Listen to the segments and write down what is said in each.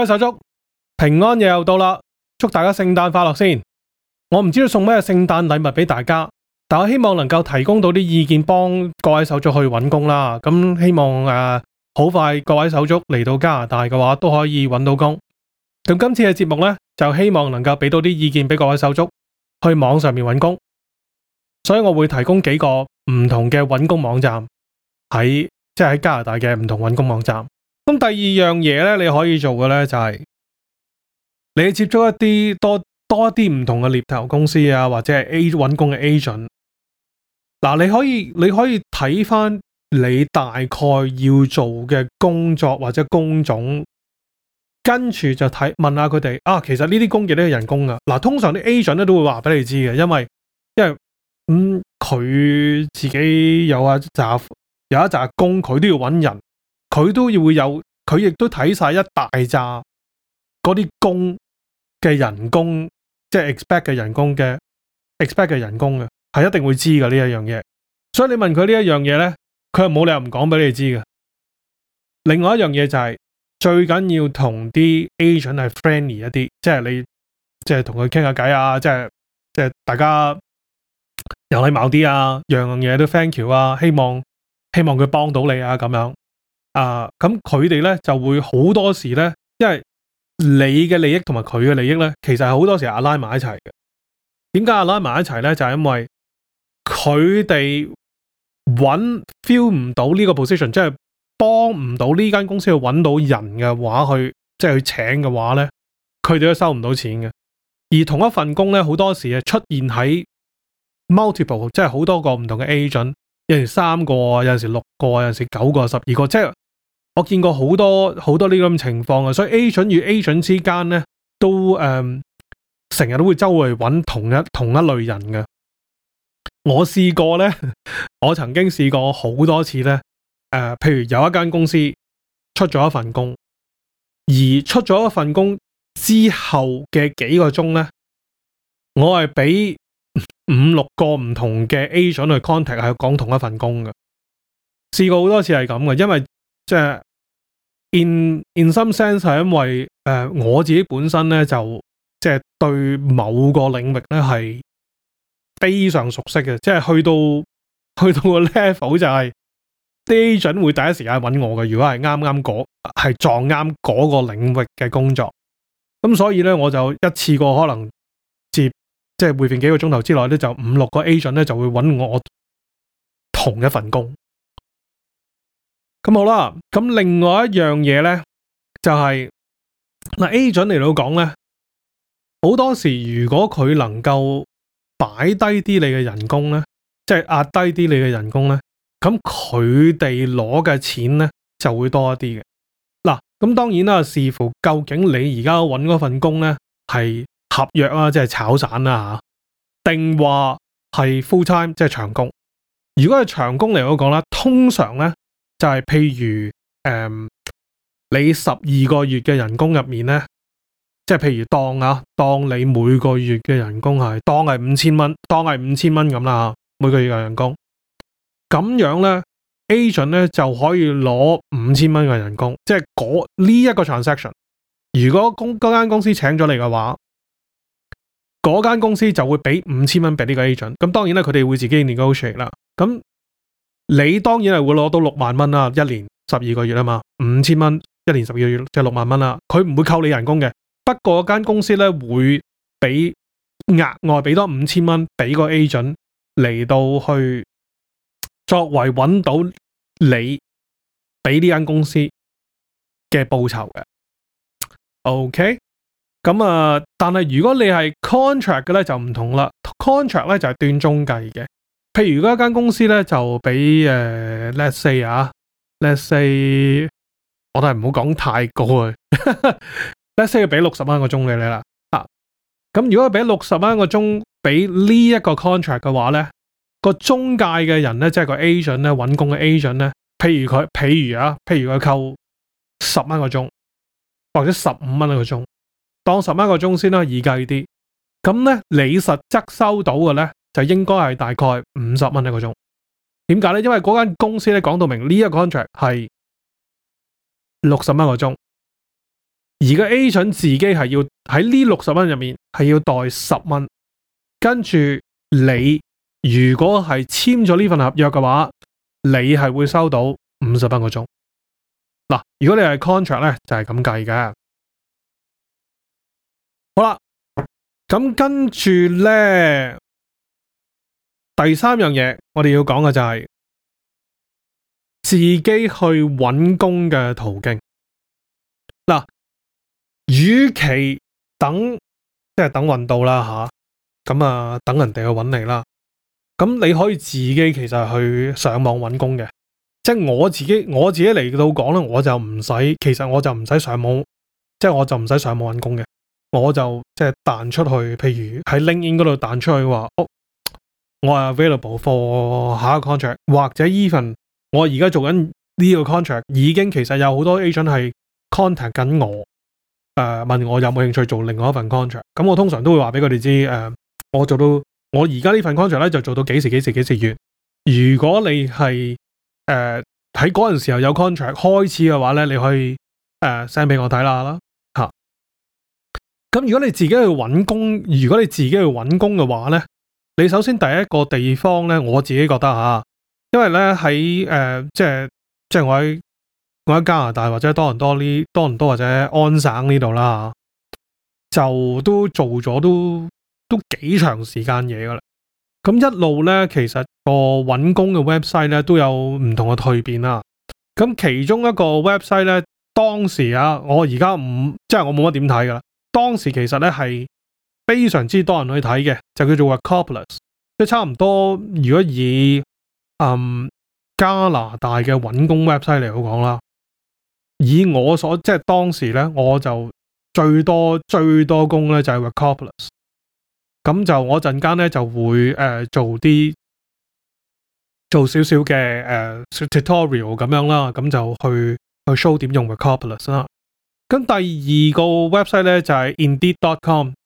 各位手足，平安夜又到啦，祝大家聖誕快樂先。我唔知道要送咩聖誕禮物俾大家，但我希望能夠提供到啲意見幫各位手足去揾工啦。咁希望誒，好快各位手足嚟到加拿大嘅話都可以揾到工。咁今次嘅節目呢，就希望能夠俾到啲意見俾各位手足去網上面揾工。所以我會提供幾個唔同嘅揾工網站，喺即係喺加拿大嘅唔同揾工網站。咁第二樣嘢咧，你可以做嘅咧就係你接觸一啲多多一啲唔同嘅獵頭公司啊，或者係 A 揾工嘅 agent。嗱、啊，你可以你可以睇翻你大概要做嘅工作或者工種，跟住就睇問下佢哋啊。其實呢啲工都係人工啊嗱，通常啲 agent 咧都會話俾你知嘅，因為因為咁佢、嗯、自己有啊紮有一紮工，佢都要揾人。佢都要會有，佢亦都睇晒一大扎嗰啲工嘅人工，即係 expect 嘅人工嘅 expect 嘅人工嘅，係一定會知嘅呢一樣嘢。所以你問佢呢一樣嘢咧，佢係冇理由唔講俾你知嘅。另外一樣嘢就係最緊要同啲 agent 係 friendly 一啲，即係你即係同佢傾下偈啊，即係即係大家又禮貌啲啊，樣樣嘢都 thank you 啊，希望希望佢幫到你啊咁樣。啊，咁佢哋咧就會好多時咧，因為你嘅利益同埋佢嘅利益咧，其實係好多時拉埋一齊嘅。點解拉埋一齊咧？就係因為佢哋搵 feel 唔到呢個 position，即係幫唔到呢間公司去搵到人嘅話去，去即係去請嘅話咧，佢哋都收唔到錢嘅。而同一份工咧，好多時係出現喺 multiple，即係好多個唔同嘅 agent，有陣時三個啊，有陣時六個啊，有陣時九個、十二個，即係。我見過好多好多呢咁情況啊，所以 agent 與 agent 之間咧都誒成日都會周圍揾同一同一類人嘅。我試過咧，我曾經試過好多次咧。誒、呃，譬如有一間公司出咗一份工，而出咗一份工之後嘅幾個鐘咧，我係俾五六個唔同嘅 agent 去 contact 係講同一份工嘅。試過好多次係咁嘅，因為即係。in in some sense 係因為誒、呃、我自己本身咧就即係、就是、對某個領域咧係非常熟悉嘅，即、就、係、是、去到去到個 level 就係、是、agent 會第一時間揾我嘅。如果係啱啱嗰係撞啱個領域嘅工作，咁所以咧我就一次過可能接即係會面幾個鐘頭之內咧就五六個 agent 咧就會揾我同一份工。咁好啦，咁另外一樣嘢咧，就係、是、嗱、呃、agent 嚟到講咧，好多時如果佢能夠擺低啲你嘅人工咧，即、就、係、是、壓低啲你嘅人工咧，咁佢哋攞嘅錢咧就會多一啲嘅。嗱、呃，咁當然啦，視乎究竟你而家搵嗰份工咧係合約啦、啊，即係炒散啦、啊、吓，定話係 full time 即係長工。如果係長工嚟到講啦，通常咧。就係譬如誒、嗯，你十二個月嘅人工入面咧，即係譬如當啊，當你每個月嘅人工係當係五千蚊，當係五千蚊咁啦，每個月嘅人工咁樣咧，agent 咧就可以攞五千蚊嘅人工，即係嗰呢一個 transaction。如果公嗰間公司請咗你嘅話，嗰間公司就會俾五千蚊俾呢個 agent。咁當然咧，佢哋會自己 negotiate 啦，咁。你當然係會攞到六萬蚊啦，一年十二個月啊嘛，五千蚊一年十二個月即係六萬蚊啦。佢唔會扣你人工嘅，不過間公司咧會俾額外俾多五千蚊俾個 agent 嚟到去作為揾到你俾呢間公司嘅報酬嘅。OK，咁、嗯、啊，但係如果你係 contract 嘅咧就唔同啦，contract 咧就係斷中計嘅。譬如如果一間公司咧就俾誒、uh,，let's say 啊、uh,，let's say 我都係唔好講太高 ，let's say 要俾六十蚊個鐘你啦，啊，咁如果俾六十蚊個鐘俾呢一個 contract 嘅話咧，個中介嘅人咧，即係個 agent 咧，揾工嘅 agent 咧，譬如佢，譬如啊，譬如佢扣十蚊個鐘，或者十五蚊一個鐘，當十蚊個鐘先啦，易計啲，咁咧你實質收到嘅咧？就應該係大概五十蚊一個鐘，點解咧？因為嗰間公司咧講到明呢、這個、一個 contract 係六十蚊個鐘，而個 agent 自己係要喺呢六十蚊入面係要代十蚊，跟住你如果係簽咗呢份合約嘅話，你係會收到五十蚊個鐘。嗱，如果你係 contract 咧，就係咁計嘅。好啦，咁跟住咧。第三樣嘢，我哋要講嘅就係自己去搵工嘅途徑。嗱，與其等，即係等運到啦吓，咁啊，等人哋去搵你啦。咁你可以自己其實去上網搵工嘅。即係我自己，我自己嚟到講咧，我就唔使，其實我就唔使上網，即係我就唔使上網搵工嘅。我就即係彈出去，譬如喺 LinkedIn 嗰度彈出去話。我係 available for 下一個 contract，或者 even 我而家做緊呢個 contract 已經其實有好多 agent 係 contact 緊我，誒、呃、問我有冇興趣做另外一份 contract，咁、嗯、我通常都會話俾佢哋知，誒、呃、我做到我而家呢份 contract 咧就做到幾時幾時幾時完，如果你係誒喺嗰陣時候有 contract 開始嘅話咧，你可以誒 send 俾我睇啦啦吓，咁、啊、如果你自己去搵工，如果你自己去搵工嘅話咧。你首先第一個地方咧，我自己覺得吓，因為咧喺誒即係即係我喺我喺加拿大或者多倫多呢多倫多或者安省呢度啦，就都做咗都都幾長時間嘢㗎喇。咁一路咧，其實個搵工嘅 website 咧都有唔同嘅蛻變啦。咁其中一個 website 咧，當時啊，我而家唔即係我冇乜點睇㗎喇。當時其實咧係，非常之多人去睇嘅，就叫做 Workopolis 即係差唔多。如果以嗯加拿大嘅揾工 website 嚟好講啦，以我所即係當時咧，我就最多最多工咧就係、是、Workopolis 咁就我陣間咧就會誒、呃、做啲做少少嘅誒、呃、tutorial 咁樣啦，咁就去去 show 點用 Workopolis 啦。咁第二個 website 咧就係、是、Indeed dot com。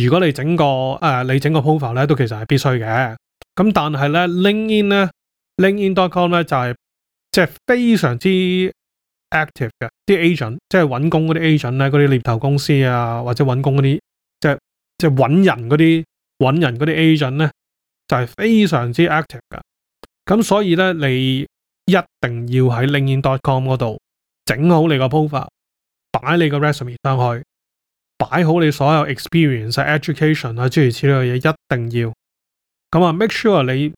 如果你整個誒、呃、你整個 profile 咧，都其實係必須嘅。咁但係咧 LinkedIn 咧，LinkedIn.com link 咧，就係即係非常之 active 嘅啲 agent，即係揾工嗰啲 agent 咧，嗰啲獵頭公司啊，或者揾工嗰啲即係即係揾人嗰啲揾人啲 agent 咧，就係、是就是就是、非常之 active 嘅。咁所以咧，你一定要喺 LinkedIn.com 度整好你個 profile，擺你個 resume 上去。擺好你所有 experience education,、education 啊，諸如此類嘅嘢一定要。咁啊，make sure 你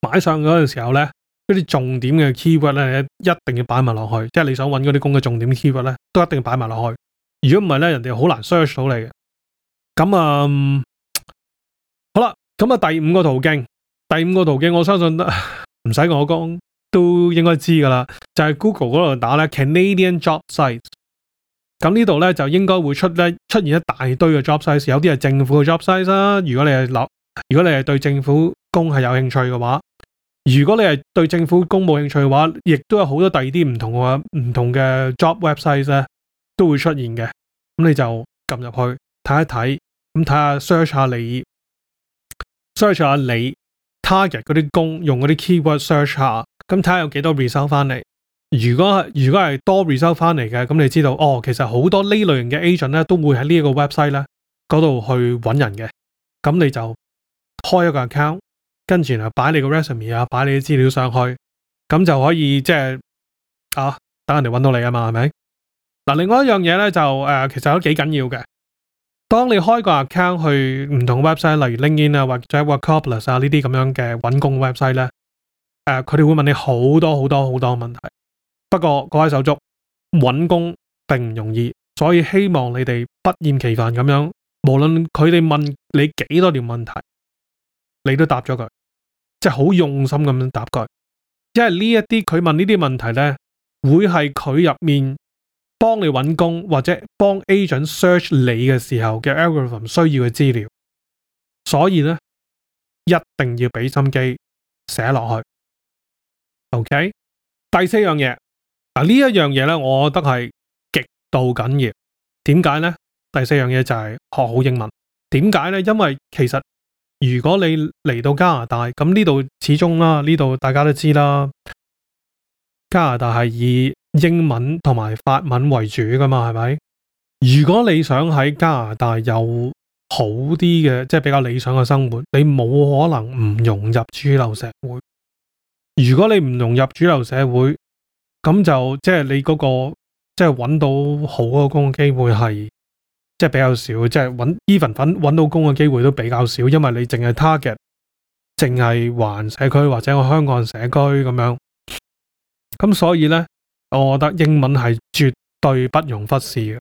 擺上嗰陣時候咧，一啲重點嘅 keyword 咧，一定要擺埋落去。即係你想揾嗰啲工嘅重點 keyword 咧，都一定要擺埋落去。如果唔係咧，人哋好難 search 到你嘅。咁啊、嗯，好啦，咁啊第五個途徑，第五個途徑，我相信唔使我講都應該知噶啦，就係、是、Google 嗰度打咧 Canadian job site 咁呢度咧就應該會出咧，出現一大堆嘅 job sites，有啲係政府嘅 job sites 啦、啊。如果你係留，如果你係對政府工係有興趣嘅話，如果你係對政府工冇興趣嘅話，亦都有好多第二啲唔同嘅唔同嘅 job websites 咧、啊、都會出現嘅。咁你就撳入去睇一睇，咁睇下 search 下你 search 下你 target 嗰啲工，用嗰啲 keyword search 下，咁睇下有幾多 result 翻嚟。如果如果係多 result 翻嚟嘅，咁你知道哦，其實好多呢類型嘅 agent 咧，都會喺呢一個 website 咧嗰度去搵人嘅。咁你就開一個 account，跟住然後啊，擺你個 resume 啊，擺你資料上去，咁就可以即係啊，等人哋搵到你啊嘛，係咪？嗱，另外一樣嘢咧，就誒、呃，其實都幾緊要嘅。當你開個 account 去唔同 website，例如 LinkedIn 啊，或者 Workopolis 啊，這這呢啲咁樣嘅搵工 website 咧，誒、呃，佢哋會問你好多好多好多，很多問題。不過各位手足揾工並唔容易，所以希望你哋不厭其煩咁樣，無論佢哋問你幾多條問題，你都答咗佢，即係好用心咁樣答佢。因為呢一啲佢問呢啲問題咧，會係佢入面幫你揾工或者幫 agent search 你嘅時候嘅 algorithm 需要嘅資料，所以咧一定要俾心機寫落去。OK，第四樣嘢。嗱呢、啊、一樣嘢咧，我覺得係極度緊要。點解呢？第四樣嘢就係學好英文。點解呢？因為其實如果你嚟到加拿大，咁呢度始終啦、啊，呢度大家都知啦，加拿大係以英文同埋法文為主噶嘛，係咪？如果你想喺加拿大有好啲嘅，即、就、係、是、比較理想嘅生活，你冇可能唔融入主流社會。如果你唔融入主流社會，咁就即係、就是，你嗰、那個，即係揾到好嘅工嘅機會係，即、就、係、是、比較少，即係揾 even 揾，揾到工嘅機會都比較少，因為你淨係 target，淨係環社區或者個香港社區咁樣。咁所以咧，我覺得英文係絕對不容忽視嘅。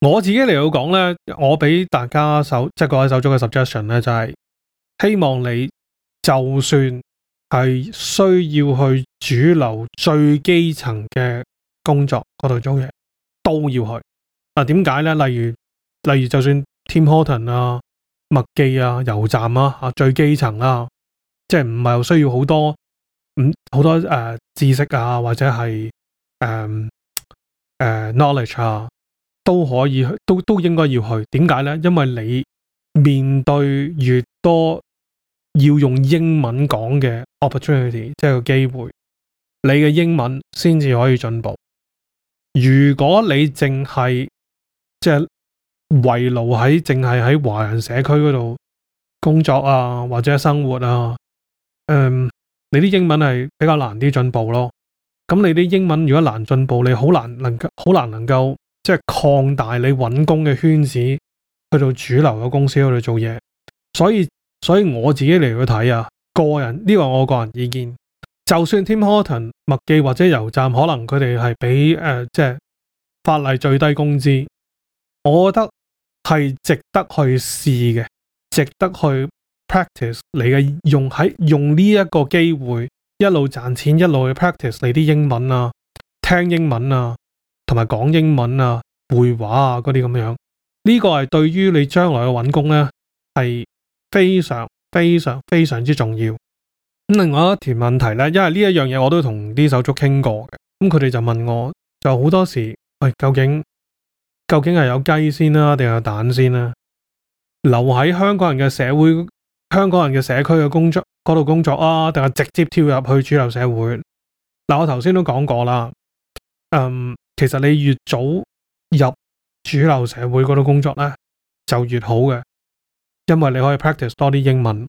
我自己嚟到講咧，我俾大家手，即、就、係、是、各位手足嘅 suggestion 咧、就是，就係希望你就算。係需要去主流最基層嘅工作嗰度做嘢，都要去。嗱、啊，點解咧？例如，例如就算 Tim Hortons 啊、麥記啊、油站啊、吓、啊、最基層啊，即係唔係需要好多唔好、嗯、多誒、呃、知識啊，或者係誒誒 knowledge 啊，都可以去都都應該要去。點解咧？因為你面對越多。要用英文講嘅 opportunity，即係個機會，你嘅英文先至可以進步。如果你淨係即係圍爐喺淨係喺華人社區嗰度工作啊，或者生活啊，嗯，你啲英文係比較難啲進步咯。咁你啲英文如果難進步，你好難，難能夠好難能夠即係擴大你揾工嘅圈子，去到主流嘅公司嗰度做嘢，所以。所以我自己嚟去睇啊，個人呢個我個人意見，就算 Tim Horton 麥記或者油站，可能佢哋係俾誒即係法例最低工資，我覺得係值得去試嘅，值得去 practice 你嘅用喺用呢一個機會一路賺錢一路去 practice 你啲英文啊，聽英文啊，同埋講英文啊，會話啊嗰啲咁樣，這個、呢個係對於你將來嘅搵工咧係。非常非常非常之重要。咁另外一條問題咧，因為呢一樣嘢我都同啲手足傾過嘅，咁佢哋就問我，就好多時喂、哎，究竟究竟係有雞先啦、啊，定係有蛋先啦、啊？留喺香港人嘅社會、香港人嘅社區嘅工作嗰度工作啊，定係直接跳入去主流社會？嗱，我頭先都講過啦，嗯，其實你越早入主流社會嗰度工作咧，就越好嘅。因為你可以 practice 多啲英文，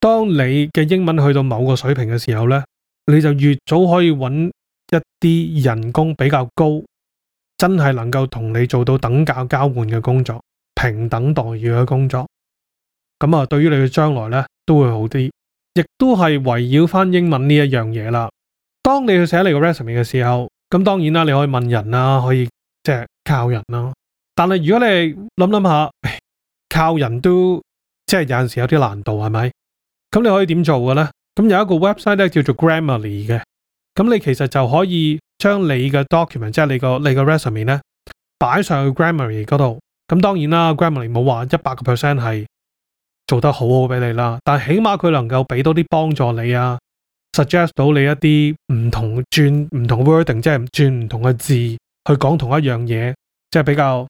當你嘅英文去到某個水平嘅時候呢，你就越早可以揾一啲人工比較高，真係能夠同你做到等價交換嘅工作，平等待遇嘅工作，咁啊，對於你嘅將來呢，都會好啲，亦都係圍繞翻英文呢一樣嘢啦。當你去寫你嘅 resume 嘅時候，咁當然啦，你可以問人啦、啊，可以即係靠人啦、啊。但係如果你諗諗下，靠人都。即係有陣時有啲難度係咪？咁你可以點做嘅咧？咁有一個 website 咧叫做 Grammarly 嘅，咁你其實就可以將你嘅 document，即係你個你個 resume 咧，擺上去 Grammarly 嗰度。咁當然啦，Grammarly 冇話一百個 percent 係做得好好俾你啦，但係起碼佢能夠俾多啲幫助你啊，suggest 到你一啲唔同轉唔同 wording，即係轉唔同嘅字去講同一樣嘢，即係比較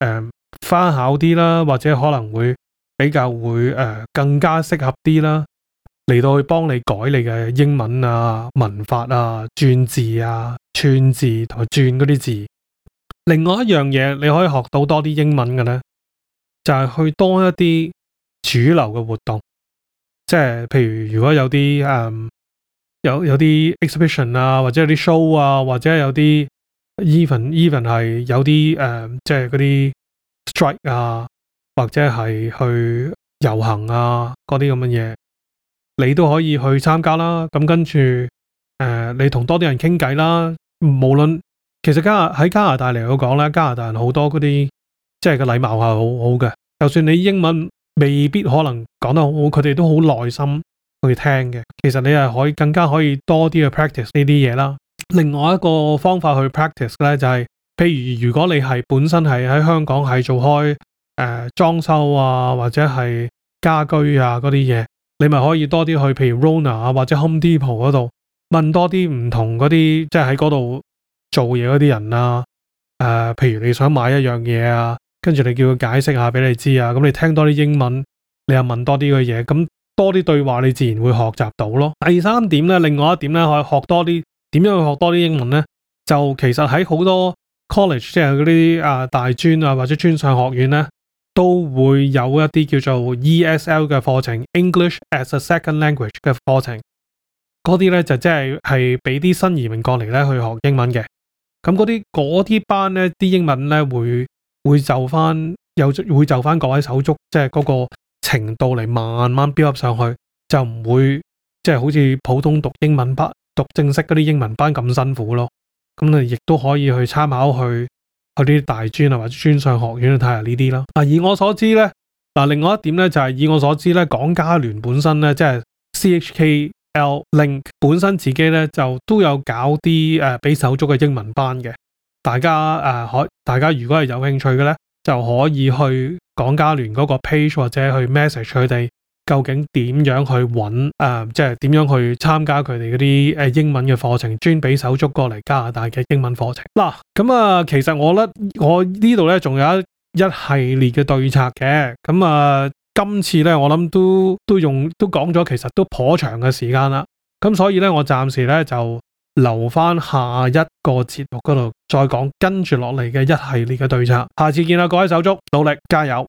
誒花巧啲啦，或者可能會。比較會誒、呃、更加適合啲啦，嚟到去幫你改你嘅英文啊、文法啊、轉字啊、串字同埋轉嗰啲字。另外一樣嘢，你可以學到多啲英文嘅咧，就係、是、去多一啲主流嘅活動，即係譬如如果有啲誒、呃、有有啲 exhibition 啊，或者有啲 show 啊，或者有啲 even even 係有啲誒，即係嗰啲、呃、strike 啊。或者係去遊行啊，嗰啲咁嘅嘢，你都可以去參加啦。咁跟住，誒、呃，你同多啲人傾偈啦。無論其實加喺加拿大嚟講咧，加拿大人多好多嗰啲即係個禮貌係好好嘅。就算你英文未必可能講得好好，佢哋都好耐心去聽嘅。其實你係可以更加可以多啲去 practice 呢啲嘢啦。另外一個方法去 practice 咧，就係、是、譬如如果你係本身係喺香港係做開。誒、呃，裝修啊，或者係家居啊，嗰啲嘢，你咪可以多啲去，譬如 Rona 啊，或者 Home Depot 嗰度問多啲唔同嗰啲，即係喺嗰度做嘢嗰啲人啊。誒、呃，譬如你想買一樣嘢啊，跟住你叫佢解釋下俾你知啊，咁你聽多啲英文，你又問多啲嘅嘢，咁多啲對話，你自然會學習到咯。第三點咧，另外一點咧，可以學多啲點樣去學多啲英文咧，就其實喺好多 college，即係嗰啲啊大專啊或者專上學院咧。都會有一啲叫做 ESL 嘅課程，English as a Second Language 嘅課程，嗰啲咧就即係係俾啲新移民過嚟咧去學英文嘅，咁嗰啲啲班咧啲英文咧會會就翻又會就翻各位手足，即係嗰個程度嚟慢慢飆起上去，就唔會即係、就是、好似普通讀英文班讀正式嗰啲英文班咁辛苦咯，咁你亦都可以去參考去。去啲大專啊，或者專上學院去睇下呢啲咯。啊，以我所知咧，嗱，另外一點咧就係、是、以我所知咧，港加聯本身咧即係、就是、C H K、L、Link 本身自己咧就都有搞啲誒俾手足嘅英文班嘅。大家誒可、呃，大家如果係有興趣嘅咧，就可以去港加聯嗰個 page 或者去 message 佢哋。究竟點樣去揾？誒、呃，即係點樣去參加佢哋嗰啲誒英文嘅課程，專俾手足過嚟加拿大嘅英文課程。嗱、啊，咁、嗯、啊，其實我咧，我呢度咧，仲有一一系列嘅對策嘅。咁、嗯、啊，今次咧，我諗都都用都講咗，其實都頗長嘅時間啦。咁、嗯、所以咧，我暫時咧就留翻下一個節目嗰度再講，跟住落嚟嘅一系列嘅對策。下次見啦，各位手足，努力加油！